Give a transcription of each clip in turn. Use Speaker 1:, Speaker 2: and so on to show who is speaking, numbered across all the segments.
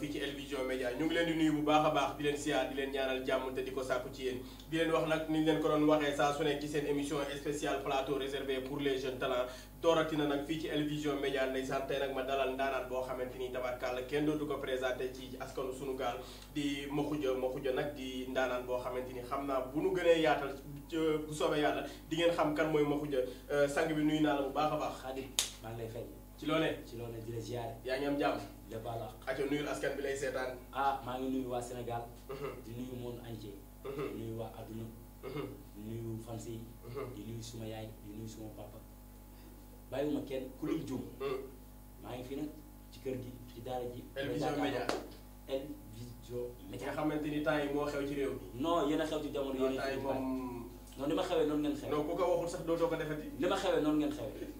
Speaker 1: fii ci El Vision ñu ngi leen di nuyu bu baax a baax di leen siyaar di leen ñaanal jàmm te di ko sàkku ci yéen di leen wax nag ni leen ko doon waxee saa su nekk ci seen émission spéciale plateau réservé pour les jeunes talents dooratina nag fii ci El Vision Médias ndaanaan boo xamante ni tabarkàlla kenn dootu ko présenté ci askanu sunu gaal di Maxuja Maxuja nag di ndaanaan boo xamante ni xam naa bu nu gënee yaatal bu soobee yàlla di ngeen xam kan mooy Maxuja euh, sang bi nuyu naa la baax a baax. Xadim maa ngi lay fay. ci loolee ci
Speaker 2: loolee
Speaker 1: la baal àq. aco nuyul askan bi lay
Speaker 2: seetaan. ah maa ngi nuyu waa Sénégal. Mhm. di nuyu monde entier. Mhm. di nuyu waa adduna. Mhm. di nuyu fans di nuyu suma yaay di nuyu suma papa. bàyyiwuma kenn ku lim juum. maa ngi fi nag ci kër gi ci daara ji. El Vision Média El Vision Média. nga xamante ni temps yi moo xew ci réew mi. non yéen a xew ci jamono yéen a xew ci
Speaker 1: moom ma xewee noonu ngeen xewee. non ku ko li ma xewee noonu ngeen xewee.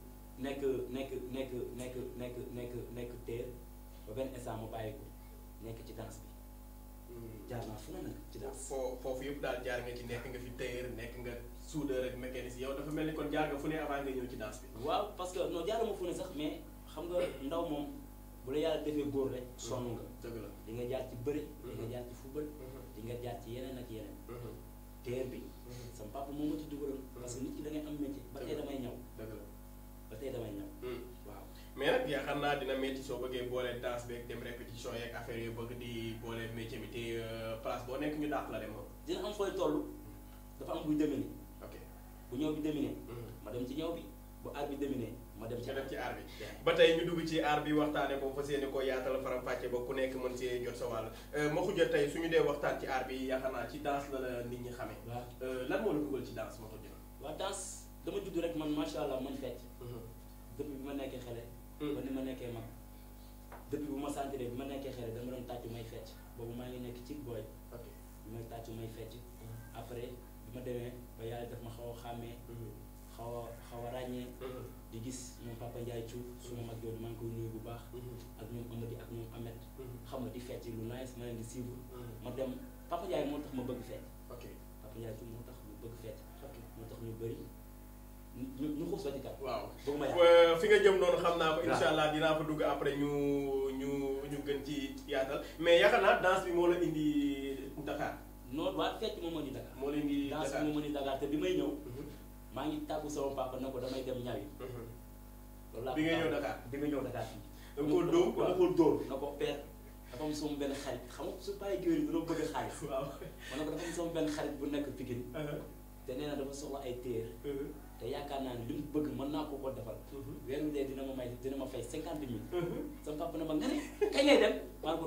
Speaker 2: nekk nekk nekk nekk nekk
Speaker 1: nekk nekk teer ba benn instant mu bàyyi ko nekk ci danse bi. Hmm. jaar naa fu ne nag ci danse. foo foofu yëpp daal jaar nga ci nekk nga fi tailleur nekk nga soudeur ak mécanicien yow dafa mel ni kon jaar nga fu ne avant nga ñëw ci danse bi. waaw parce que non jaaruma fu ne sax mais xam nga
Speaker 2: ndaw moom bu la yàlla defee góor rek. Hmm. sonn nga dëgg la di nga jaar ci bëri. di nga hmm. jaar ci football. di nga jaar ci yeneen ak yeneen. teer bi. sama papa moom ma ci dugaloon. parce
Speaker 1: que ñëw. ba tey damay ñëw. Hmm. waaw mais nag yaakaar naa dina métti soo bëggee boole danse beeg dem répétition yeeg affaire yu bëgg di boole métier bi te euh, place boo nekk ñu dàq la dem dina am fooy toll dafa am buy demine. ok bu ñëw bi demine. Hmm. ma dem ci ñëw bi bu aar bi demine. ma dem ci aar bi ba tey ñu dugg ci aar bi waxtaane ko fas yéene ko yaatal faram fàcce ba ku nekk mën see jot sa wàll euh, ma xuja tey ñu dee waxtaan ci aar bi yaakaar naa ci danse la la nit ñi euh, lan moo la dugal ma dama judd rek man macha allah man fecc mhm. depuis bi ma nekkee xale. Mhm. ba ni ma
Speaker 2: nekkee mag. depuis bu ma sentiree bi ma nekkee xale dama doon tàcc may fecc boobu maa ngi nekk ci booy. ok may tàcc may fecc. Mhm. après bi ma demee ba yàlla def ma xaw a xàmmee. xaw a xaw a ràññee. di gis moom papa Ndiaye Thiou suma mag jooju maa ngi koy nuyu bu baax. ak ñoom Amady ak ñoom Amet. xam nga di fecc lu nice ma di suivre. ma dem papa Ndiaye moo tax ma bëgg fecc. ok papa Ndiaye Thiou moo tax ma bëgg fecc. moo tax ñu bëri. ñu ñu xuus ba ci kat. waaw fi nga jëm noonu xam naa ko. incha allah dinaa
Speaker 1: fa dugg après ñu ñu ñu gën ci yaatal mais yaakaar naa danse bi moo la indi Dakar. non waa la indi Dakar danse bi moo ma ni Dakar te bi may ñëw. Mhm.
Speaker 2: maa ngi tàggu sama papa na ko damay dem ñawi. Mhm. loolu laa bi nga ñëw Dakar bi nga ñëw Dakar.
Speaker 1: da nga koo dóor da nga koo dóor na ko peer. dafa am sama benn xarit xam nga su bàyyi bëgg
Speaker 2: xaalis. waaw ma ne ko dafa am sama benn xarit bu nekk Pikine. Uh-huh. te nee na te yaakaar naa ne li mu bëgg mën naa ko koo defal. Mhm. weer wi dee dina ma may dina ma fay cinquante mille. Mhm. sama papa ne ma nga ne kañ lay dem ma ko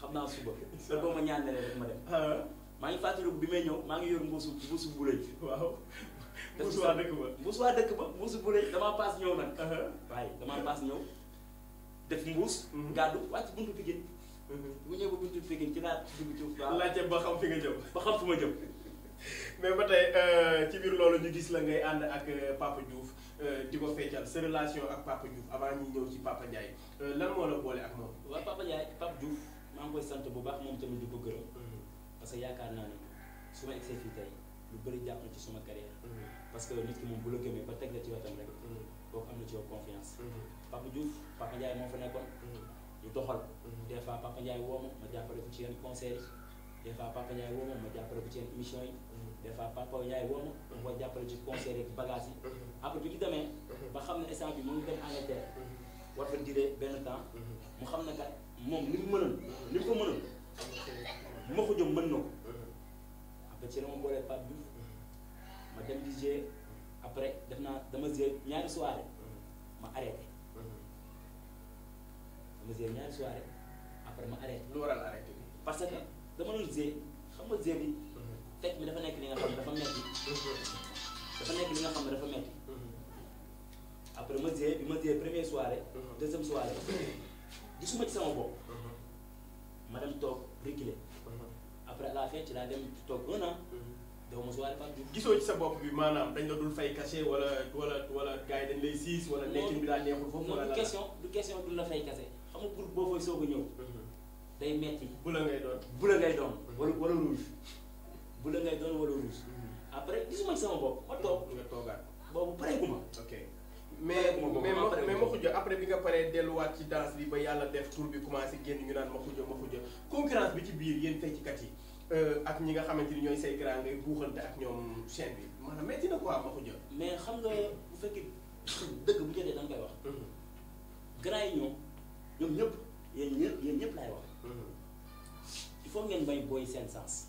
Speaker 2: xam naa suba. incha boo ma ñaan ne rek ma dem. Ah. maa ngi fàttaliku bi may ñëw maa ngi yor mbuusu mbuusu bu waaw mbuusu waa dëkk ba mbuusu waa dëkk ba mbuusu bu rëy damaa paas ñëw nag. Ah. waaye damaa paas ñëw
Speaker 1: def mbuus. Mhm. gàddu wàcc buntu Pikine. bu ñëwee ba buntu Pikine ci laa dugg ci. waaw laajte ba xam fi nga jëm. ba ma jëm. mais ba tey euh, ci biir loolu ñu gis la ngay ànd ak euh, Papa Diouf euh, di ko feccal sa relation ak Papa Diouf avant ñu ñëw ci Papa Ndiaye lan moo la boole ak moom.
Speaker 2: waaw Papa Ndiaye Papa Diouf maa ngi koy sant bu baax moom tamit di ko gërëm. Mm-hmm. parce que yaakaar naa ne su ma egsee fii tey lu bëri jàpp ci suma carrière. Mm-hmm. parce que nit ki moom teg la ci wetam rek. Mm-hmm. am na ci fa nekkoon. ñu doxal. des fois Papa Ndiaye woo ma ma jàppale ci yenn conseils yi des fois Papa Ndiaye woo ma ma jàppale ci yenn émissions yi. des fois papa yaay woo ma dafa koy jàppale ci concert yeeg yi. Mhm. après bi ñu demee. Mhm. ba xam ne instant bi mu ngi dem Angleterre. Mhm. war fa duré benn temps. mu xam ne kat moom ni mu mënoon. ni mu ko mënoon. ma ko jëm mën na ko. après ci la ma boolee Pape Diouf ma dem di jouer après def naa dama jouer ñaari soirée ma arrêté. dama jouer ñaari soirée après ma arrêté. parce que dama doon jouer xam nga jouer bi. fecc bi dafa nekk ni nga xam ne dafa metti dafa nekk li nga xam ne dafa metti après ma jiyee bi ma jiyee première soirée. deuxième soirée. gisuma ci ma dem toog reculer.
Speaker 1: après à la fin ci laa dem toog un an. daw ma soirée Pape Diouf. sa bopp bi maanaam dañ la dul fay cachet wala wala wala gars yi dañ lay siis wala nekkin bi laa neexul foofu. wala du question du question du la fay cachet xam nga pour boo fay soog a ñëw. Mhm. day metti bu la ngay doon bu la ngay doon. Mhm. bu la ngay doon wala rouge.
Speaker 3: Mm-hmm.
Speaker 1: après gisuma ci sama bopp ma toog. Mm-hmm. nga toogaat boobu pareegu ma. ok mais mais Makhoudia après bi nga paree delluwaat ci danse bi ba yàlla def tour bi commencé génn ñu naan ma Makhoudia concurrence bi ci biir yéen fecckat yi euh, ak ñi nga xamante ni ñooy say grand ngay buuxante ak ñoom chaîne bi maanaam metti na quoi ma Makhoudia. mais xam nga bu fekkee dëgg bu jotee da nga koy wax. Mm-hmm. grand yi
Speaker 2: ñoom ñoom ñëpp yéen ñëpp yéen ñëpp laay wax. il faut ngeen bay booy seen sens.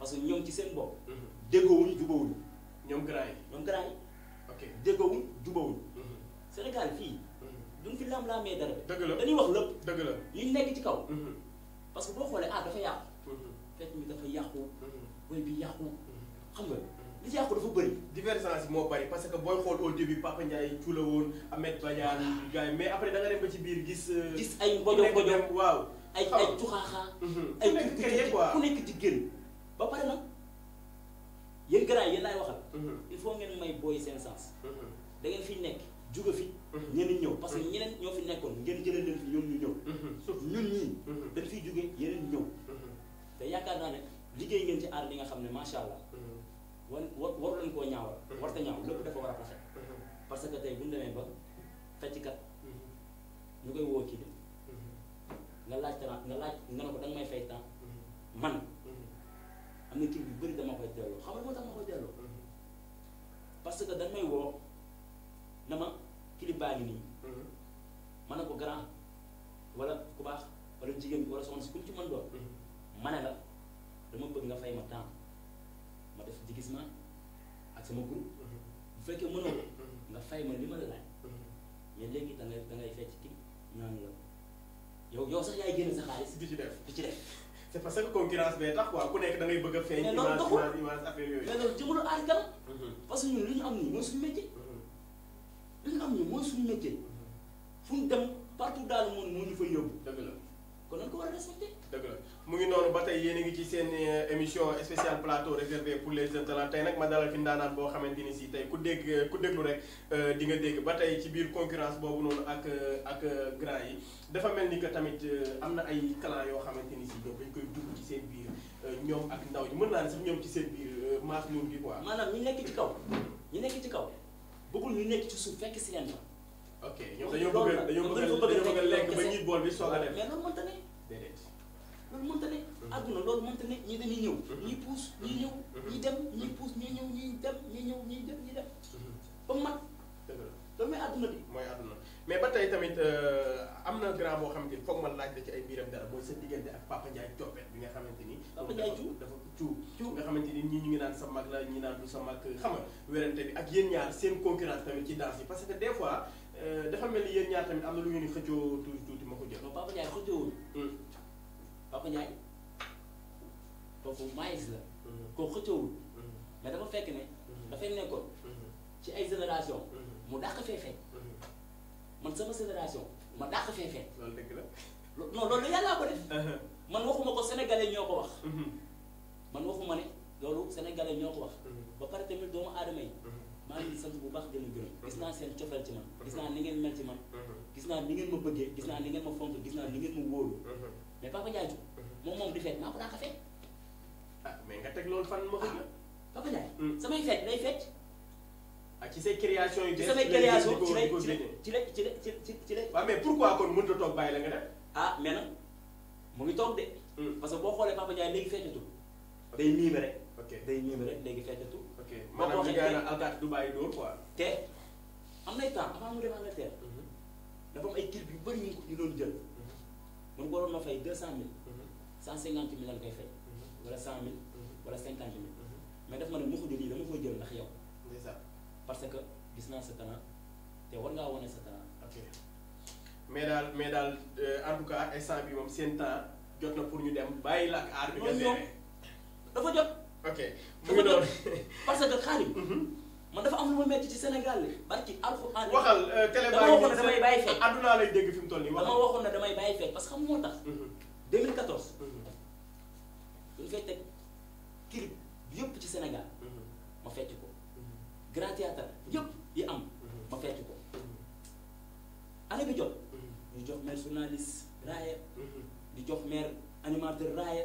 Speaker 2: parce que ñoom ci seen bopp. Mhm. déggoowuñ jubawuñ. ñoom grand yi ñoom grand yi. ok déggoowuñ jubawuñ. Mhm. Sénégal fii. Mhm. duñ fi lam-laamee dara. dëgg la dañuy wax lépp. dëgg la yi nekk ci kaw. parce que boo xoolee ah dafa yàqu. fekk mi
Speaker 1: dafa yàqu. wéy bi yàqu. xam nga li ci yàqu dafa bëri. divergence moo bëri parce que booy xool au début Papa Ndiaye tuula woon Ahmed Badiane ah. gars yi mais après da dem ba ci biir gis. Euh, gis ay mbojo mbojo waaw. ay ay tuxaaxaa. ay ku nekk ku
Speaker 2: nekk ba pare na yéen gars yi yéen laay waxal. Mhm. il faut ngeen may booy seen sens. Mhm. da ngeen fi nekk juga fi. ñeneen mhm. ñëw parce que ñeneen ñoo fi nekkoon ngeen jëlee leen fi ñoom ñu ñëw. sauf ñun ñii. dañ fiy jugee yeneen ñëw. te yaakaar naa ne liggéey ngeen ci aar li nga xam ne macha allah. wan war war leen koo ñaawal. war ta ñaaw lépp dafa war a rafet. parce que tey bu ñu demee ba fecckat ñu koy woo kii bi. nga laaj temps nga laaj nga ne ko danga may fay temps man. am na kii yu bëri dama koy delloo xam nga moo tax ma koy delloo mm-hmm. parce que dañ may woo na ma clip baa ngi nii mm-hmm. ma ne ko grand wala ku baax walla jigéen bi wala soxna si ku mu ci mën doon mm-hmm. ma ne la dama bëgg nga fay ma temps ma def déguisement ak sama groupe bu fekkee mënoo nga fay ma li ma la laaj mais léegi da ngay fecc kii naan la
Speaker 1: yow yow sax yaay génn sa xaalis di ci def di ci def c' est parce que concurrence bee tax waaw ku nekk da bëgg a feeñ. mais loolu yooyu. mais loolu
Speaker 2: jëmale aar kanam. Mhm. parce que ñun li ñu am nii mooy suñu
Speaker 1: métier. Mhm. li
Speaker 2: ñu am nii mooy suñu métier mhm.
Speaker 1: fu ñu dem partout dans le monde moo ñu fa yóbbu. kon nañ ko war a respecté. dëgg la mu ngi noonu ba tey yéen a ngi ci seen eh, émission spéciale plateau réservé pour les jeunes talents tey nag ma dalal fi ndaanaan boo xamante ni si tey ku dégg ku déglu rek eh, di nga dégg ba tey ci biir concurrence boobu noonu ak eh, ak grand yi dafa mel ni que tamit am na ay clan yoo xamante ni si ñoom dañ koy dugg ci seen biir ñoom ak ndaw ñi mën naa si sax ñoom ci seen biir maas ñoom bi quoi. maanaam ñu nekk ci kaw ñu nekk ci kaw bëggul ñu nekk ci suuf fekk si leen ok ñoom a lekk ba ñiit bool bi soog
Speaker 2: loolu mënta nekk mhm. àdduna loolu mënta nekk ñii
Speaker 1: dañuy ñëw mhm. ñii puus ñii ñëw mhm. ñii dem ñi puus ñii ñëw ñii dem ñii ñëw ñii dem ñii dem ba mu loolu mooy àdduna bi mooy àdduna mais ba tey tamit euh, am na grand boo xamante ni foog ma laaj la ci ay mbiram dara mooy nga xamante ni Papa Ndiaye nga xamante ni ñii ñu ngi naan sa mag la ñi naan du sa mag xam nga werante bi ak yéen ñaar seen concurrence tamit ci danse yi parce que des fois euh, dafa mel ni yéen ñaar tamit am na lu ngeen di xëccoo tuuti tuuti ma ko jël Papa Ndiaye xëccoowul hmm. Papa Ndiaye
Speaker 2: kooku maïs la. Mm-hmm. kooku xëccoowul. Mm-hmm. mais dama fekk ne. Mm-hmm. dafay nekkoon. ci ay génération mu dàq fee fekk. man sama génération ma dàq fee fekk. loolu dëgg la. non loolu yàllaa ko def. Uh-huh. man waxuma ko sénégalais ñoo ko wax. man waxuma ne loolu sénégalais ñoo ko wax. ba pare tamit doomu aadama yi. maa ngi sant bu baax dina gërëm gis naa seen cofeel ci man mhm. gis naa ni ngeen mel ci man mhm. gis naa ni ngeen ma bëggee gis naa ni ngeen ma fonk gis naa ni ngeen ma wóolu mhm. mais Papa Ndiaye moom moom di feet maa ko daa ko
Speaker 3: feet
Speaker 1: ah mais nga teg loolu fan ma ko ah, Papa Ndiaye hmm. samay feet lay feet ah ci say création yu ci samay création ci lay ci lay ci lay ci ci lay waaw mais pourquoi kon mënut a
Speaker 2: toog bàyyi la nga def ah mais nag mu ngi toog de hmm. parce que boo xoolee Papa Ndiaye léegi feetatu day miime rek day miime rek léegi feetatu ok maanaam ñu gën a alkaati Dubaay dóor quoi. te am nay temps am yu bëri ñu ñu doon jël. mun nga waroon na fay deux ma ne mokk jël yi dama
Speaker 1: que gis naa sa talent te war ngaa mais daal mais daal en tout cas temps jot na pour ñu dem bàyyi la ak dafa jot. ok mu ngi parce que Xaadim. Mhm. man dafa am lu ma metti
Speaker 2: ci Sénégal bi barki alxuraan. waxal euh, télé dama damay bàyyi fekk
Speaker 1: adduna lay dégg fi mu toll nii dama
Speaker 2: damay bàyyi fekk parce que xam moo tax. 2014. bu ñu fay teg clip yëpp ci Sénégal. Mhm. ma fecc ko. Mhm. grand théâtre yëpp yi am. ma fecc ko. année bi jot. ñu jox maire journaliste raaya. di jox maire animateur raaya.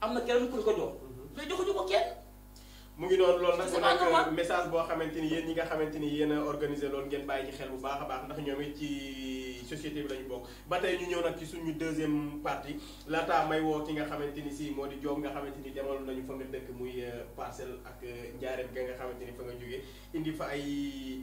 Speaker 1: am na keneen ku ñu ko jox mm-hmm. mais joxuñu ko kenn. mu ngi noonu loolu nag mu nekk message boo xamante ni yéen ñi nga xamante ni yéen a organisé loolu ngeen bàyyi ci xel bu baax a baax ndax ñoom ci société bi lañu bokk ba tey ñu ñëw nag ci suñu deuxième partie laataa may woo ki nga xamante ni si moo de Diop nga xamante ni demal nañu fa nga dëkk muy euh, parcel ak euh, njaareem ga nga xamante ni fa nga jógee indi fa ay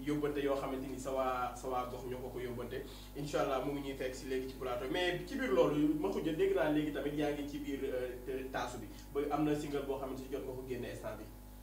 Speaker 1: yóbbante yoo xamante ni sa waa sa waa gox ñoo ko ko yóbbante incha allah mu ngi ñuy fekk si léegi ci mais ci loolu ma xujja dégg naa léegi tamit yaa ngi ci biir euh, taasu bi ba am na single boo xamante ni jot nga ko génne instant bi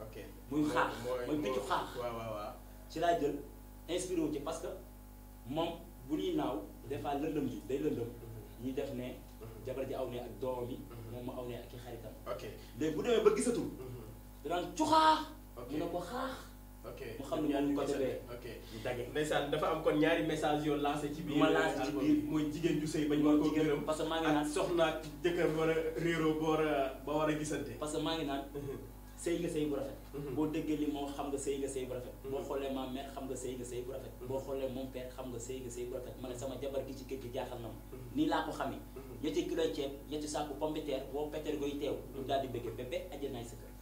Speaker 1: ok
Speaker 2: muy xaax mooy piccu xaax. waaw waaw waaw ci laa jël inspiré wu ci parce que moom bu ñuy naaw des fois lëndëm ji day lëndëm mhm. ñuy def ne mhm. jabar ji aw ne ak doomam mhm. yi. moom mu aw ne ak i xaritam. ok léegi bu demee ba gisatul. danaan
Speaker 1: cuxaax. ok mu ne ko xaax. xam ne moom côté bee. ok ñu dafa am kon ñaari message yoo lancé ci biir. ma lancé ci biir mooy jigéen ju sëy bañ war koo gërëm. parce que maa ngi naan soxna ak jëkkër war a réeroo ba war a ba war a gisante. parce maa ngi naan. sëy nga sëy bu
Speaker 2: rafet mhm. boo déggee li moom xam nga sëy nga sëy bu rafet boo mhm. xoolee ma mère xam nga sëy nga sëy bu rafet mhm. boo xoolee moom xam nga sëy nga sëy bu rafet ma sama jabar gi ci kër gi jaaxal na ma nii laa ko xamee ñetti kilo ceeb ñetti saaku pompiteer boo péter goy teew ñu daal di bëggee bébé ajjanaay sa kër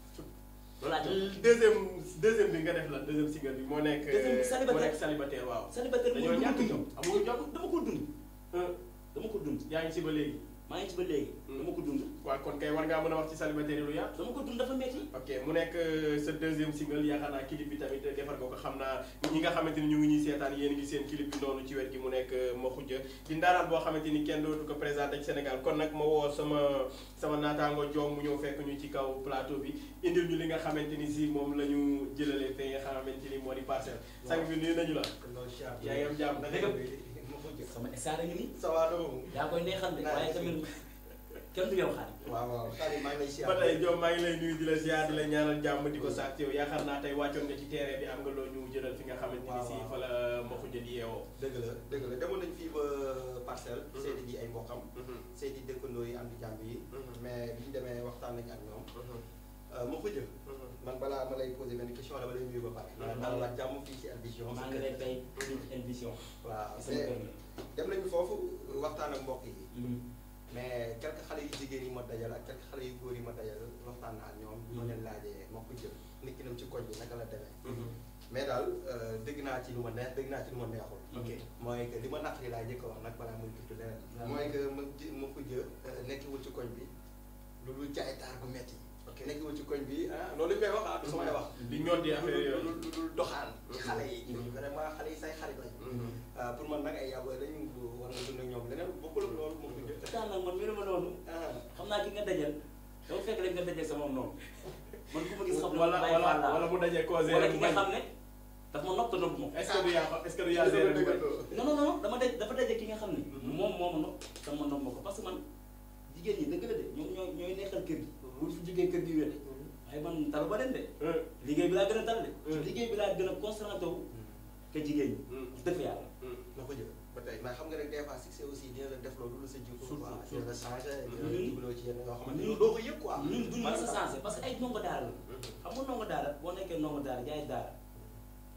Speaker 2: euh,
Speaker 1: bi nga def la deuxième single bi moo nekk célibataire waaw célibataire dama ko dund euh. ma ko dund yaa ngi ci ba léegi maa ngi ci ba léegi. Hmm. dama ko dund. waaw kon kay war ngaa mën a wax ci célibataire yi lu yaatu. dama ko dund dafa métti. ok mu nekk euh, sa deuxième single yaakaar bi tamit euh, defar nga ko xam naa ñi nga xamante ni ñu ngi ñuy seetaan yéen seen clip bi noonu gi mu nekk euh, ma xujja di boo xamante ni kenn dootu ko présenté ci Sénégal kon nag ma woo sama sama naataango joom mu fekk ñu ci kaw plateau bi indil li nga xamante ni si moom la ñu jëlalee te nga xamante ni moo di parcelle. waaw sang bi nuyu nañu la. yaa ngi am jàmm sama estaar a ngi nii. ça va yaa koy neexal de waaye tamit kenn du yow xarit. waaw waaw xarit maa ngi lay ziar. ba tey Diop maa ngi lay nuyu di la ziar di la jàmm di ko sàcc yaa xam naa tey wàccoon nga ci terrain bi am nga loo ñu jëlal fi nga xamante ni si fa la mboq jël
Speaker 4: yeewoo. dëgg la dëgg la demoon nañ fii ba euh, parcelle. Mhm. seeti ji ay mboqam. Mhm. seeti dëkkandoo yi am di jàmm yi. Mhm. mais bi ñu demee waxtaan nañ ak ñoom. Euh, ma ko mm-hmm. man balaa ma lay posé benn dama lay nuyu ba pare. Mm-hmm. maa ngi lay daal jàmm fii ci El Vision. maa ngi lay fii ci El waaw dem nañu foofu waxtaan ak mbokk yi. Mm-hmm. mais quelques xale yu jigéen yi ma dajal ak quelques xale yu góor yi ma dajal waxtaan naa ñoom. ñoo leen laajee ma ko jël nit ki ci koñ bi naka la demee. mais daal euh, dégg naa ci lu ma neex naa ci ma neexul. ok mooy que li ma naqari laa njëkk a wax nag balaa muy tudd leneen. mooy que ma ji ma ko jël euh, ci koñ bi lu jaay taar nekk wu ci koñ bi ah loolu may wax ah du samay wax. Mm-hmm. di ñor di affaire yooyu lu dul doxaan. ci mm-hmm. xale yi. Mm-hmm. vraiment xale yi say xarit lañu. Ah, pour man nag ay yàlla dañu war a dund ak ñoom leneen bokkul ak loolu moom lañu def. daanaka man mbiru ma noonu.
Speaker 2: Ah. xam naa ki nga dajal dafa fekk rek nga dajal sama noonu. man ku ma gis xam ne wala wala wala mu dajee causé wala ki nga xam ne. dafa ma nopp te nopp ma. est-ce que du yaa est-ce que du yaa seere non non non dama daj dafa daje ki nga xam ne. moom moo ma nopp te ma nopp ma ko parce que man jigéen ñi dëgg la de ñoom ñooy ñooy neexal kër gi bu ñu fi jógee kër gi wér waaye man talu ba leen de
Speaker 4: hmm. liggéey bi laa gën a tal de hmm. liggéey bi laa gën a concentré wu hmm. te jigéen ñi dëgg yàlla na ko jëf ba tey mais rek des fois succès aussi dina la def loolu sa jiw surtout dina la changé dina la jubloo ci yenn yoo xamante ni doo ko sa changé parce que ay boo
Speaker 2: nekkee ndongo daara yaay daara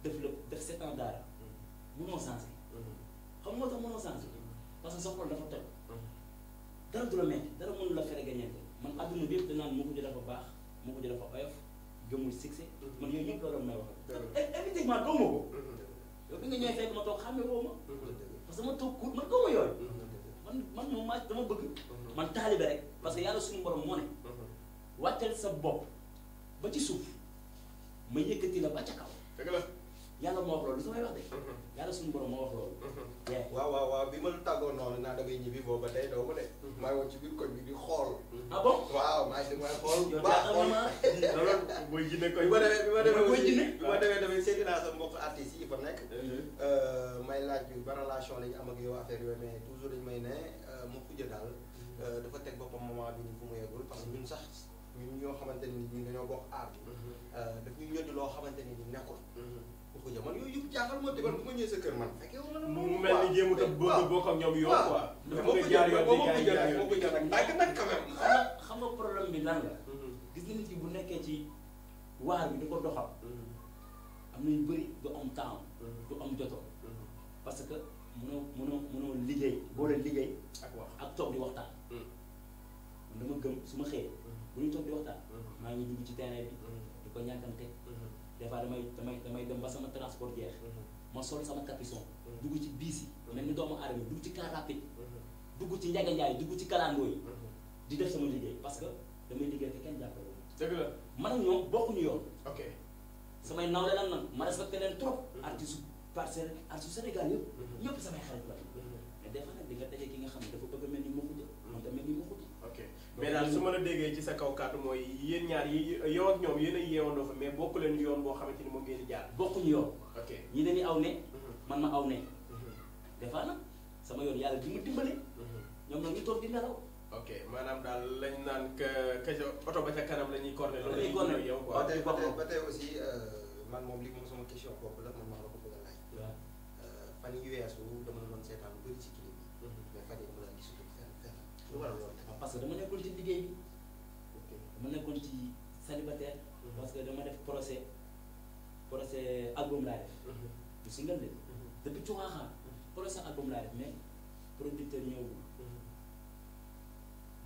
Speaker 2: def la def sept ans daara mënoo xam nga moo tax mënoo changé parce que sa xol dafa toj dara du la metti dara mënu la fere gañeente man adduna bi yëpp danaan Moukoudia dafa baax Moukoudia dafa oyof gëmul succès mm-hmm. man yooyu ñëpp la doon e-, ko mm-hmm. yow ma toog xàmme woo ma mm-hmm. parce que ma toog kuut man yooyu man man moom maa dama bëgg man taalibe rek parce que yàlla suñu borom moo ne wàccal sa bopp ba ci suuf
Speaker 4: ma yëkkati la ba ca kaw yàlla moo wax loolu su may wax de. Mm-hmm. yàlla suñu loolu. Mm-hmm. waaw waaw waaw bi ma la tàggoo noonu naa dangay ñibbi boobu ba tey doo ko de. Mm-hmm. ci biir ko bi di xool. ah bon waaw maa ngi leen di xool. yow daa am na mooy jinne koy bi ma demee bi ma demee ma demee tamit seeti naa euh, may laaj bi ba la ñu am ak yow affaire yooyu mais may ne euh, mu xuj daal euh, dafa teg boppam moment bi ñu fu mu yeggul parce que ñun sax. ñun ñoo xamante ne ñun dañoo bokk aar bi. daf ñu ñëdd loo xamante ne ñu nekkul. ko jël man yooyu yëpp jaaxal ma déggoon bu ma ñëwee sa kër man. fekkee wu ma ne moom mu mel ni jéem a tëb bëgg ñoom yoon quoi. dafa bëgg jaar yoon di jaay jaar ko jël mm-hmm.
Speaker 2: gis nga nit bu nekkee ci waar bi di ko doxal.
Speaker 3: Mm-hmm.
Speaker 2: am na yu bëri du am mm-hmm. am joto parce que mënoo mënoo mënoo liggéey boole liggéey. ak wax ak toog di waxtaan. man dama su ma xëyee. bu ñu toog di waxtaan. maa ngi dugg ci terrain bi. di ko ñàkkante. des fois damay damay damay dem ba sama transport jeex. Mhm. ma sol sama capuchon. Mhm. dugg ci biis yi. Mhm. mel ni doomu aadama dugg ci car rapide. dugg ci njaga njaay dugg ci kalandoo yi. di def sama liggéey parce que damay liggéey te kenn jàppale wu. dëgg la man ak ñoom bokkuñu yoon. ok samay nawle lan ma respecté trop. artiste parcelle artiste Sénégal yëpp.
Speaker 1: ñëpp samay xarit la nag di nga daje daal su ma la déggee ci sa kaw kàddu mooy yéen ñaar yi yow ak ñoom yéen a yeewandoo fa mais bokkuleen leen yoon boo xamante ni moom ngeen di jaar. bokkuñu yoon. ok ñi dañuy aw ne. Mhm. man ma aw ne. Mhm. des sama yoon yàlla di ma dimbale. Mhm. ñoom nag ñu toog di nelaw. ok maanaam daal lañ naan que que oto ba ca kanam la ñuy corné loolu la ñuy corné yow quoi ba tey ba tey aussi euh,
Speaker 4: man moom li moom sama question la man maa la ko bëgg a laaj. Euh, waaw dama la gis lu fenn parce que dama nekkul ci
Speaker 2: liggéey bi dama nekkoon ci célibataire mhm. parce que dama def procès procès album laa def mhm. du single de mhm. depuis cuwaaxaa procès album laa def producteur ñëwul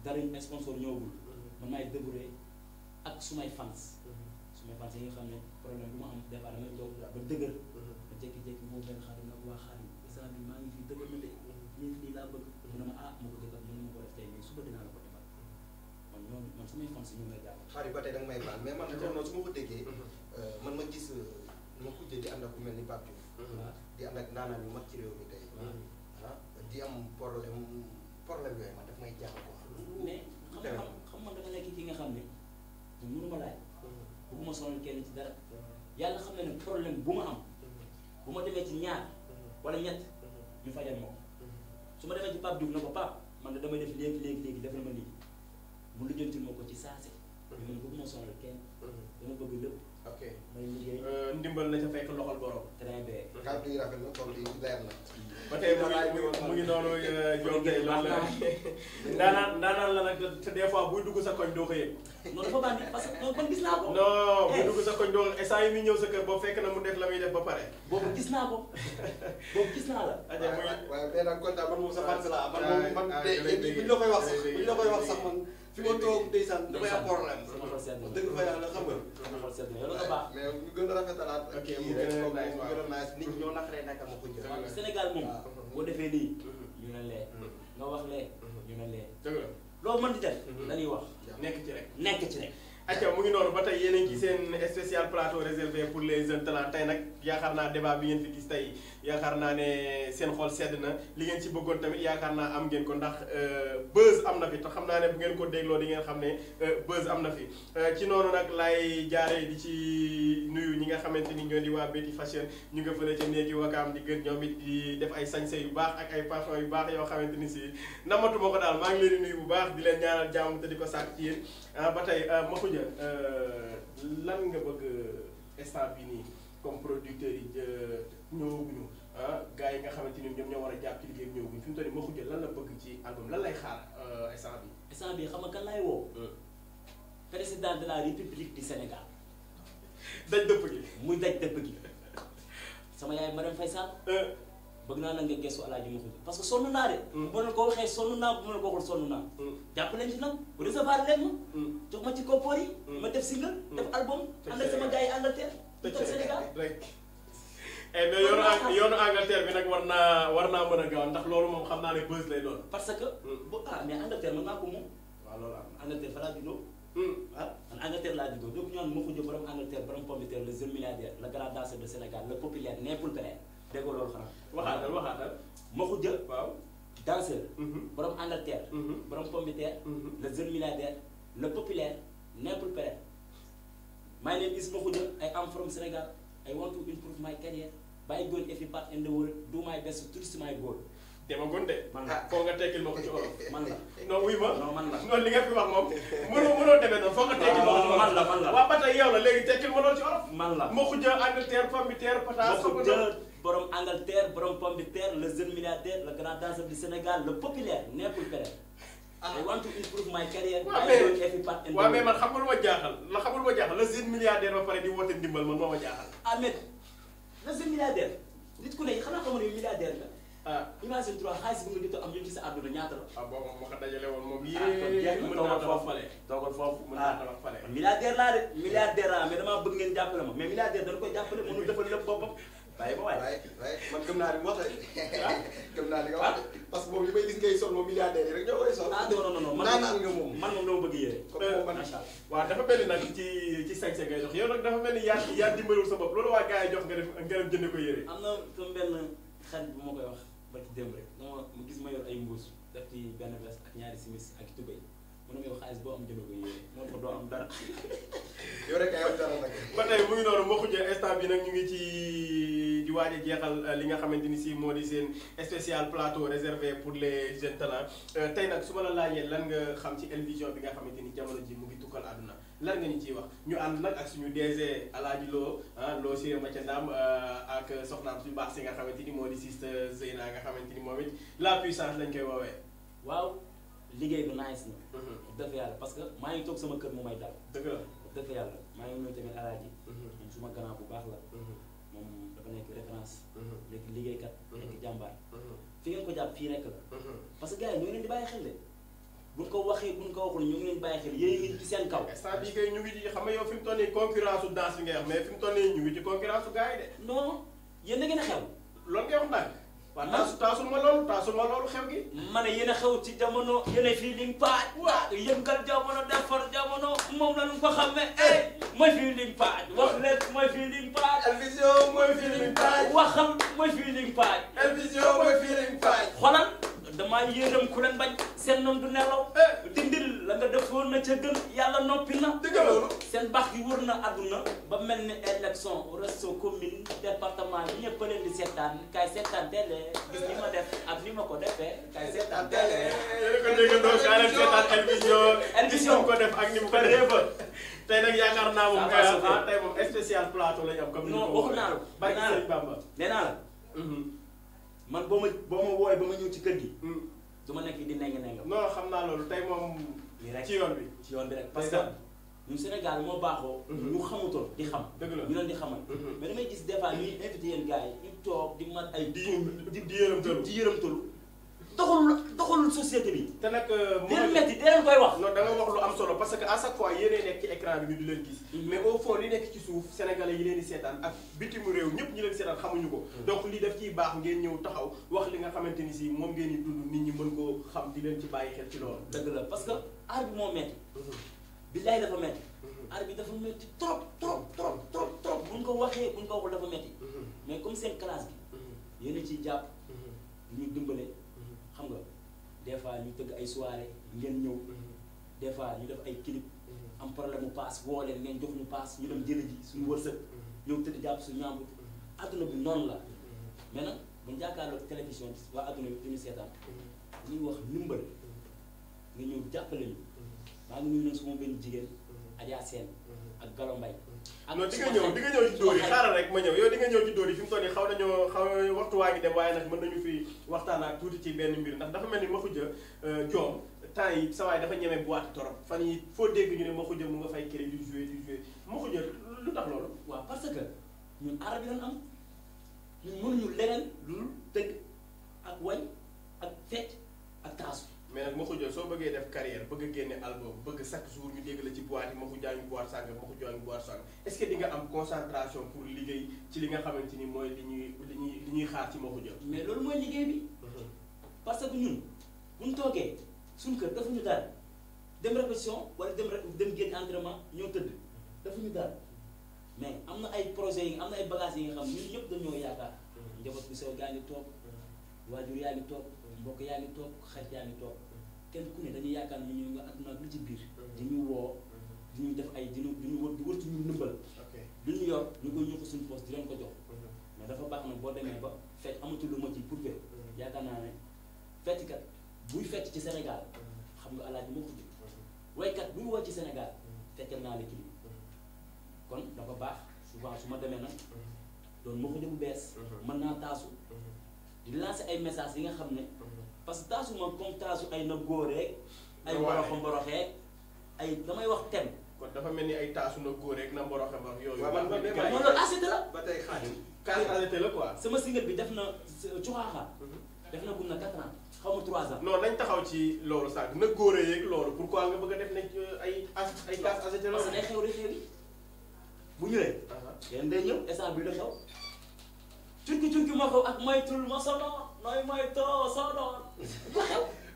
Speaker 2: dara sponsor ñëwul man maay débrouiller ak sumay fans sumay fans yi nga xam ne problème bu ma am des damay toog ba dëgër ma jékki-jékki moo benn xarit nag waa xarit maa ngi fi dëgër na de lii lii laa bëgg mu ne ma ah ma bëgg kat mën ma ko def tey mais suba dinaa la ko defal man ñooñu man samay fan si ñu may jàpp
Speaker 4: xaar ba tey da may baal mais man noonu su ma ko déggee mhm. euh, man ma gis euh, ma xujje di ànd mel ni Pape mhm. ah, di ànd ak naanaan yu mag ci réew mi tey mhm. ah di am problème problème yooyu man daf may jàpp quoi
Speaker 2: mais xam nga xam man dafa ki nga xam ne mënu ma laaj bugguma sonal kenn ci dara yàlla xam ne ne problème bu ma am bu ma demee ci ñaar wala ñett ñu fa ma ko su ma demee ci Pape Diouf na ko Pape man de damay def léegi léegi léegi def na ma lii
Speaker 1: mu lijjantil ma ko ci saa saase. dama bëgg ma sonal kenn mm-hmm. dama bëgg lépp. ok mooy liggéey ndimbal na ca fekk loxol borom. très bien. kàddu yi rafet na kon lii leer na. ba tey mu ngi mu ngi noonu Diop tey loolu la. daanaan daanaan la nag te des fois buy dugg sa koñ doo ko yëg. non dafa
Speaker 2: bandi parce que man gis naa ko. non buy dugg
Speaker 1: sa koñ doo ko saa yi muy ñëw sa kër boobu fekk na mu def la muy def ba pare. boobu gis naa ko
Speaker 4: boobu gis naa la. waaw waaw waaw mais nag kontaan man moom sa fan la man moom man de buñ la koy wax sax buñ la koy wax sax man fi ma toog ndeysaan damay am problème. dëgg fa yàlla xam nga. bëgg a baax mais ñu gën a rafetalaat. ok mu gën ma ko jël. Sénégal moom ah. boo
Speaker 1: defee nii mm-hmm. ñu ne lee. Mm-hmm. nga wax lee mm-hmm. ñu ne
Speaker 4: lee. loo
Speaker 1: mën di def. dañuy wax nekk ci rek nekk ci rek. acca mu ngi noonu ba tey yéen a ngi ci seen spécial plateau réservé pour les jeunes talents tey nag yaakaar naa débat bi ngeen fi gis tey yaakaar naa ne seen xol sedd na li ngeen ci bëggoon tamit yaakaar naa am ngeen ko ndax euh, buzz am na fi te xam naa ne bu ngeen ko dégloo di ngeen xam ne euh, buzz am na fi euh, ci noonu nag laay jaaree di ci nuyu ñi nga xamante ni ñoo di waa Betty Fashion ñu nga fële ca néegi wakaam di gën ñoom it di def ay sañse yu baax ak ay parfum yu baax yoo xamante ni si namatuma ko daal maa ngi leen di nuyu bu baax di leen ñaanal jàmm te di ko sàkk ci yéen ah, ba tey Makhoudia lan nga bëgg instant bi nii comme producteurs yi euh, ñëwaguñu ah gars yi nga xamante ni ñoom ñoo war a jàpp ci liggéey bi ñëwaguñu fi mu toll nii Mokhtar lan la bëgg ci album lan lay xaar euh, instant bi instant bi xam nga kan laay woo. Hmm. président de la république du Sénégal.
Speaker 2: daj dëpp gi. muy daj dëpp gi sama yaay Marème Faye Sall. Euh. bëgg naa na nga gëstu El Hadj Moussa parce que sonn naa de. Hmm. boo leen ko waxee sonn naa bu ma leen ko waxul sonn naa. Hmm. jàpp leen ci nag recevoir leen ma. jox ma rek
Speaker 1: eh, mais yoonu yoonu Angleterre bi nag war naa war naa mën a gaaw ndax loolu moom xam naa ne buzz lay doon. parce que hmm. bu ah mais Angleterre man maa ko moom.
Speaker 2: waaw loolu am na Angleterre fa laa juddoo. Hmm. ah man Angleterre laa juddoo donc ñoom Mokho Diop borom Angleterre borom pomme de terre le milliardaire le grand danseur de Sénégal le populaire né pour plaire dégg loolu xanaa. waxaatal waxaatal. Mokho Diop waaw danseur. Hmm. borom Angleterre. borom pomme de terre. le jeune maa ngi leen gis Mokho I am from Senegal I want to improve my career by going every part in the world do my best
Speaker 1: to reach my goal. demagoon de. man la ah, foog nga tekkil ma ko ci olof. man la non wuy ma. non man la non li nga fi wax moom. mënoo mënoo demee noonu foog nga tekkil ma ko ci man la man la waaw ba tey yow la léegi tekkil ma loolu ci olof. man la Mokho Dia Angleterre terre pataas. Mokho Dia borom Angleterre borom pomme de
Speaker 2: terre le jeune milliardaire le grand danseur du Sénégal le populaire nekkul Ah. I want to improve
Speaker 1: my career. waaw man xam nga lu ma jaaxal xam nga lu ma jaaxal la jeune milliardaire ba pare di woote ndimbal man ma jaaxal.
Speaker 2: Ahmed la jeune milliardaire nit ku ne xanaa xamoon ne milliardaire la. ah imagine trois xaalis bi nga jot a am ñun sa àdduna ñaata la. ah boobu moom moo ko dajale woon moom. Ah, yéen mën naa toogal foofu fale
Speaker 1: toogal foofu mën naa ah, toogal fale. milliardaire laa
Speaker 2: de milliardaire laa mais damaa bëgg ngeen
Speaker 4: jàppale ma mais milliardaire dañ koy jàppale bàyyi ma waaye man gëm naa li mu wax rek gëm naa li nga wax ah? parce que moom li may gis ngay sol moom milliardaire yi rek ñoo koy sol. ah non non non man naan
Speaker 1: nga moom man moom dama bëgg yére. comme man incha allah waaw dafa mel ni nag ci ci sañse ngay jox yow nag dafa mel ni yaa yaa dimbaliwul sa bopp loolu waa gars yi jox nga def nga dem jënd ko yére. am na comme benn xarit bu ma
Speaker 2: koy wax ba ci démb rek dama gis ma yor ay mbuus def ci benn veste ak ñaari simis ak tubéy
Speaker 1: mu ne yow xaalis boo am jëloon ko yéene moom ko doo am dara.
Speaker 4: yow rek ay am dara nag. ba tey
Speaker 1: mu noonu moo xujjee instant bi nag ñu ngi ci di waaj jeexal euh, li nga xamante ni si moo di seen spécial plateau réservé pour le jeunes talents euh, tey nag su ma la laajee lan nga xam ci El bi nga xamante ni jamono ji mu ngi tukkal àdduna lan nga ñu ciy wax ñu ànd nag ak suñu DG Alaaji Lo ah Lo Siré Mathia Ndam euh, ak soxnaam suñu baax si nga xamante ni moo di Siste Zeyna nga xamante ni moom it la puissance lañ koy woowee liggéey bi nice na.
Speaker 2: Mhm. dëgg yàlla parce que maa ngi toog sama kër mu may dal. dëgg la dëgg yàlla maa ngi nuyu tamit alaaji. Mhm. moom suma grand bu baax la. Mhm. moom dafa nekk référence. nekk liggéeykat. nekk jàmbaar.
Speaker 1: fi ngeen ko jàpp fii rek la. parce que gars yi ñu ngi leen di bàyyi xel de. buñ ko waxee buñ ko waxul ñu ngi leen bàyyi xel yéen ngi ci seen kaw. instant bii kay ñu ngi ci xam nga yow fi mu toll nii concurrence su danse bi mais fi mu toll nii ñu ngi ci concurrence su gars yi de. non yéen a waaw taasu taasul ma loolu taasul ma loolu xew gi. ma ne yéen a xew ci jamono yéen a fii paaj. waaw
Speaker 2: yëngal jamono defar jamono moom la ñu ko xamee. Eh, mooy fii liñ paaj wax leen mooy fii liñ paaj. El Vision mooy fii paaj. waxal mooy fii paaj. El Vision mooy fii paaj. xoolal. damaa yéeram ku leen bañ seen noon du nelaw eh. dindil la nga defoon na ca gën yàlla noppi na seen bax yi wër na àdduna ba mel ni élection resto commune département bi ñëpp leen di seetaan kay seetaan télé
Speaker 1: gis ni ma def ak ni ma ko defee kay seetaan télé yéen ko déggandoo kaa leen seetaan émission émission def ak ni mu ko defee tey nag yaakaar naa moom kay ah tey moom spécial plateau lañ am comme ni naa la nee naa la mhm. man boo ma boo ma wooyee ba ma ñëw ci kër gi. Hmm. du ma nekk di nenga nenga. non xam naa loolu tey moom. lii rek ci
Speaker 2: yoon bi ci yoon bi rek. parce que ñun Sénégal moo baaxoo. Hmm. ñu xamutoon di xam. dëgg la ñu doon di xamal. Hmm. mais damay gis des fois ñuy invité yéen gars yi ñu toog di mat ay. di di
Speaker 1: yërëmtalu di yërëmtalu
Speaker 2: doxul doxul société bi. te
Speaker 1: nag moom metti di leen koy wax. non da nga wax lu am solo parce que à chaque fois yéenay nekk ci écran bi ñu di leen gis. mais au fond li nekk ci suuf sénégalais yi leen di seetaan ak bitim réew ñëpp ñi leen seetaan xamuñu ko. donc li def ciy baax ngeen ñëw taxaw wax li nga xamante ni si moom ngeen di dund nit ñi mën koo xam di leen ci bàyyi xel ci loolu. dëgg la parce que aar bi moo metti. billaay dafa metti. aar bi dafa metti trop trop trop trop
Speaker 2: trop buñ ko waxee buñ ko waxul dafa metti. mais comme seen classe bi. yéen a ciy jàpp. ñu dimbale xam des fois ñu tëgg ay soirée ngeen ñëw mm-hmm. des fois ñu def ay clip mm-hmm. am problème mu paas woo leen ngeen jox ñu paas ñu dem jëli ji suñu wërsëg mm-hmm. ñëw tëdd jàpp suñu ñàmb adduna bi noonu la mais nag buñ jàkkaarloo télévision bi waa adduna bi duñu seetaan ñuy wax ndimbal nga ñëw jàppale ñu maa ngi nuyu leen suma benn jigéen Adja Sène ak Galo Mbaye
Speaker 1: ak non di ñëw di nga ñëw ci dóor xaaral rek ma ñëw yow di nga ñëw ci dóor yi fi mu toll xaw nañoo xaw waxtu waa ngi dem waaye nag mën nañu fi waxtaan ak tuuti ci benn mbir ndax dafa mel ni Makhoudia Diome euh, temps yi sa waay dafa ñeme boîte torop fan yi foo dégg ñu ne Makhoudia mu nga fay créé di joué di ma Makhoudia lu tax loolu waa parce que ñu arab yi lañ am ñun mënuñu leneen lu dul tëgg ak way ak fecc ak taasu mais nag ma ko jël soo bëggee def carrière bëgg a génne album bëgg chaque jour ñu dégg la ci boîte yi ma ko jaañu boîte sàngam ma ko jaañu boîte sàngam est-ce que di nga am concentration pour liggéey ci li nga xamante ni mooy li ñuy li ñuy li ñuy xaar ci ma ko mais loolu mooy liggéey bi. Mhm. parce que ñun bu ñu toogee suñu kër defuñu daal
Speaker 2: dem répétition wala dem dem génn entraînement ñoo tëdd defuñu daal mais am na ay projets yi am na ay bagages yi nga xam ñun ñëpp dañoo yaakaar mhm. njaboot bi gaa ngi toog mhm. waajur yaa ngi toog. mbokk yaa ngi toog xarit yaa toog kenn ku ne dañuy yaakaar ne ñu nga àdduna ak lu ci biir mhm. di ñu woo di ñu def ay diñu diñu wër di wër ci ñu nëbbal lu ñu yor ñu koy yóbbu suñu poste di leen ko jox mhm. mais dafa baax nag boo demee ba fecc amatu ma ci pour que mhm. yaakaar naa ne fecckat buy fecc ci Sénégal xam nga alaaji moo ko jur waykat buy ci Sénégal feccal naa la kii kon dafa baax souvent su ma demee nag doon moo ko bu bees mën naa taasu di lancer
Speaker 1: ay messages yi nga xam ne parce que taasuma comme taasu ay na góoreeg. ay mboroxe mboroxeeg ay damay wax tem. kon dafa mel ni ay taasu na góoreeg na mboroxe mborox yooyu. waaw man man de ba tey xaalis ACT la sama single bi def na cuxaaxa. def na gum na quatre ans xaw ma trois ans. non nañ taxaw ci loolu sànq na góor yeeg loolu pourquoi nga bëgg a def ne euh, ay ay gaz ACT la. parce que day xew rek xew yi bu ñëwee. yéen ah
Speaker 2: ah. day ñëw instant bii da xew. turki turki moo ko ak maytul ma sonor
Speaker 4: nooy maytoo sonor.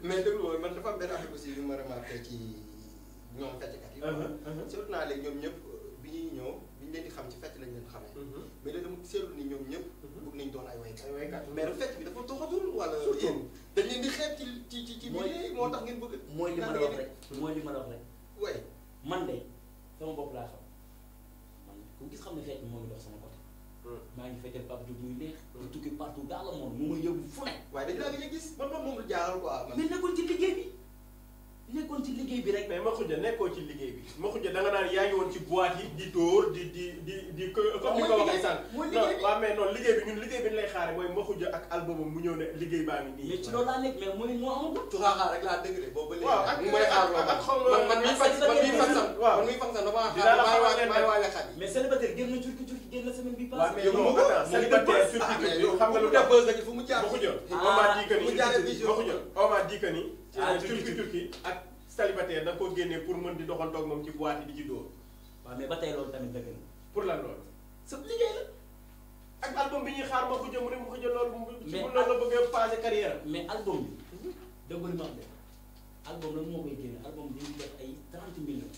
Speaker 4: mais déglu woon man dafa am benn affaire aussi yu ma remarqué ci ñoom fecckat yi. Uh-huh, uh-huh. surtout naa léegi ñoom ñëpp bi ñuy ñëw bi ñu leen di xam ci fecc lañ leen xamee. Uh-huh. mais léegi dama seetlu ni ñoom ñëpp. bëgg nañ doon ay waykat. ay waykat mais nag fecc bi dafa doxatul wala. surtout dañ leen di xeeb ci ci ci ci biir moo tax ngeen bëgg. mooy li ma la wax rek
Speaker 2: mooy li ma la wax rek. way man de sama bopp laa xam man ku gis moo ngi dox sama côté. maa ngi fekkee Pape Diop muy neex. Mm. di tukki partout dans le monde mu ma yóbbu fu ne. waaye dañu laa
Speaker 1: gis man man moom lu jaaral quoi. mais nekkul ci liggéey bi. nekkoon ci liggéey bi rek. mais Makhoudia nekkoo ci liggéey bi Makhoudia da nga naan yaa ngi woon ci boîte yi di dóor di di di di. comme ni ko waxee sànq. mooy liggéey bi non waaw mais non liggéey bi ñun liggéey bi ñu lay xaaree mooy Makhoudia ak album mu ñëw ne liggéey baa ngi nii. mais ci loolu laa nekk mais mooy moo amagul. trois ans rek laa dëgg de boobu léegi. waaw ak ak ak
Speaker 4: xaw ma man man man man mii fan sax waaw man mii fan sax damaa xaar maa waa maa waa la xaar.
Speaker 1: mais
Speaker 2: célibataire génn na turki turki génn na semaine bi passée. waaw
Speaker 1: mais yow ah turki turki ak célibataire da nga koo génnee pour man di doxantoog moom ci boîte yi di ci dóor. waaw mais ba tey loolu tamit dëgg na. pour lan loolu. sa liggéey ak album bi ñuy xaar ma ko jëm mu ne ma ko jëm loolu. mais ci la bëggee
Speaker 2: passé carrière mais album bi dëggul ma am de album la moo koy génne album bi dañuy def ay trente millions.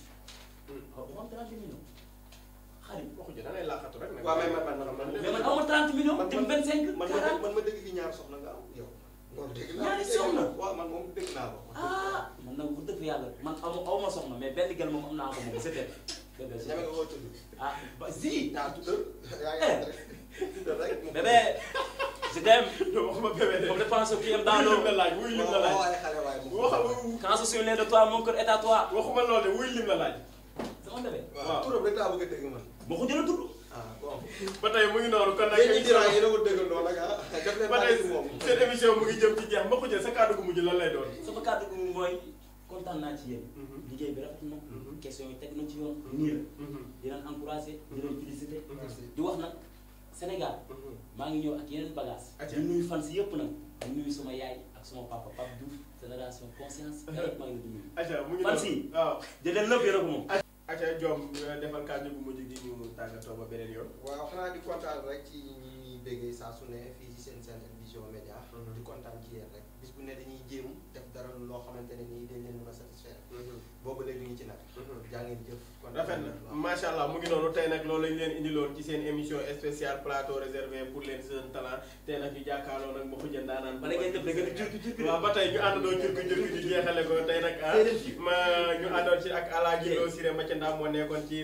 Speaker 2: Hmm. waaw bu am trente millions. xarit waxu jë da man man man man man man man
Speaker 4: man man loolu dégg naa soxna waaw man moom dégg naa ko. ah man nag bu dëgg yàlla man
Speaker 2: aw ma aw ma soxna mais benn gel moom am naa ko moom c'était. dëgg la ñeme nga koo tudd. ah ba si. yaa tuddal eh. yaa ngi
Speaker 1: rek tuddal rek. bébé je t'aime. waxuma bébé de. on dépense kii am dans l'eau. wuy lim la laaj wuy lim la laaj. waaw waaye xale waaye moom. waxuma quand je suis né de toi mon cœur est à toi. waxuma loolu de wuy lim la laaj.
Speaker 4: sama bébé. waaw turam rek laa bëgg a dégg man. moo ko jëlee tudd. Ah, bon
Speaker 1: ba tey mu ngi noonu kon nag. émission yéen
Speaker 4: ñi ko dëggandoo nag ah.
Speaker 1: def leen ba tey seen émission mu ngi jëm ci jeex ma ko jël sa kàddu gu mujj lan lay doon. sama kàddu gu mujj mooy kontaan
Speaker 2: naa ci yéen. Mhm. liggéey bi rafet na. Mhm. question yi teg na ci yoon. nii la. Mhm. di leen encouragé. di leen félicité. di wax nag Sénégal. maa ngi ñëw ak yeneen bagage di nuyu fan si yëpp nag. di nuyu sama yaay ak sama papa Pape Diouf génération conscience. maa ngi leen di nuyu. fan
Speaker 4: si. waaw jëndee lépp yéen a ko moom. acca Diome defal kàddu bu mujj gi ñu tàggatoo ba beneen yoon. waaw xanaa di kontaan rek ci ñi ñuy bëggee saa su ne fii ci seen seen vision média. Mhm. di kontaan ci yéen rek bis bu ne dañuy jéem def dara loo xamante ne nii dañ leen mën a satisfaire. Mhm. boobu léegi ñu ngi ci nag. Mhm. jaa ngeen jëf. kon rafet na
Speaker 1: macha allah mu ngi noonu tey nag loolu lañ leen indiloon ci seen émission spéciale plateau réservé pour les jeunes talents tey ñu da ngeen jurgi jurgi waaw ba tey ñu àndandoo jurgi jurgi di jeexale ko tey nag ah. ma ñu àndoon ci ak Alaaji Lo Siré Mathia Ndam moo nekkoon ci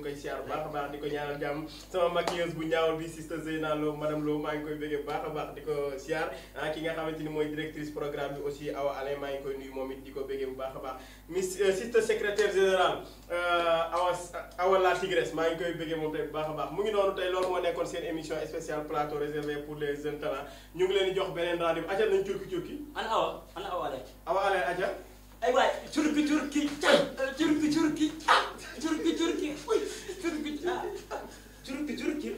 Speaker 1: koy siyaar baax a baax di ko ñaanal jàmm sama maquilleuse bu ñaawal bi sister Zeyna Lo madame Lo maa ngi koy bëgg bu baax a baax di ko siyaar ah, ki nga xamante mooy directrice programme bi aussi Awa Alain maa ngi koy nuyu moom it di ko béggee bu baax a baax miss euh, sister secrétaire général euh, Awa Awa la Tigresse maa ngi koy béggee moom tey baax a baax mu ngi noonu tey loolu moo nekkoon seen émission spéciale plateau réservé pour les jeunes talents ñu ngi leen di jox beneen rendez-vous acal nañ curki curki ana Awa ana Awa Alain Awa Alain acal ay waay curki curki ca curki curki ca curki ah, curki
Speaker 2: curki curki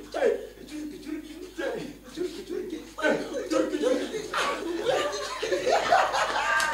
Speaker 2: curki curki Turkey, turkey. Turkey, turkey.